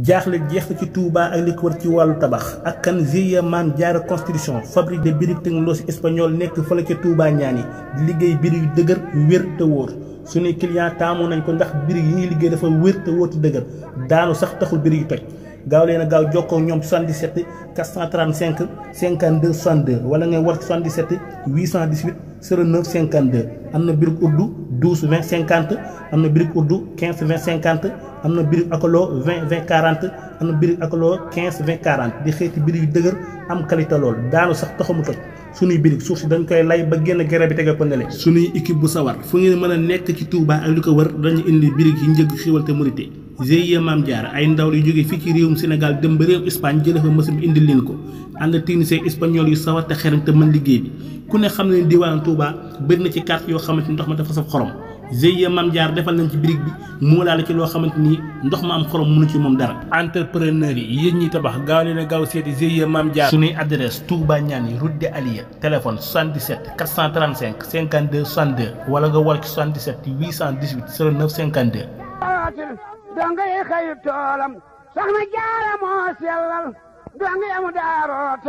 jaaxle jeex na ci Touba ak li ko ci wàllu tabax ak kan GIE Maam Jaara construction fabrique de briques technologie espagnole nekk fële ci Touba ñaani di liggéey briques yu dëgër wér te wóor ne client taamu nañ ko ndax birig yi ñuy liggéey dafa wér te wóor te dëgër daanu sax taxul briques yu toj gaaw leen a gaaw jokkoo ñoom 77 435 52 62 wala ngay war 77 818 09 52 am na brique uddu douze vingt cinquante am na birig urdu quinze vingt cinquante am na birig akaloo vingt vingt quarante am na birig akaloo quinze vingt quarante di xeeti birig yu dëgër am qualité lool daanu sax taxamu toj suñuy birig suuf si dañ koy lay ba génn gere bi tege ko nele suñuy équipe bu sawar fu ngeen mën a nekk ci tuubaa ak di ko wër dañu indi birig yi njëg xiwal te mérité GIE Maam Jaara ay ndaw yu jóge fii ci réewum Sénégal dem ba réewum Espagne jëlee fa machine bi indil leen ko ànd technicien espagnol yu sawar te xereñ te mën liggéey bi ku ne xam ne diwaanu Touba bëri na ci carte yoo xamante ni ndox ma dafa saf xorom GIE Maam Jaara defal nañ ci birig bi moo laal ci loo xamante ni ndox ma am xorom mënu ci moom dara entrepreneur yi yéen ñi tabax gaaw leen a gaaw seeti GIE Maam Jaara suñuy adresse Touba Niani route de Aliya téléphone 77 435 52 62 wala nga war yaatil donga yi xëyu toolam a jaara moo sellal donga yamu daaroo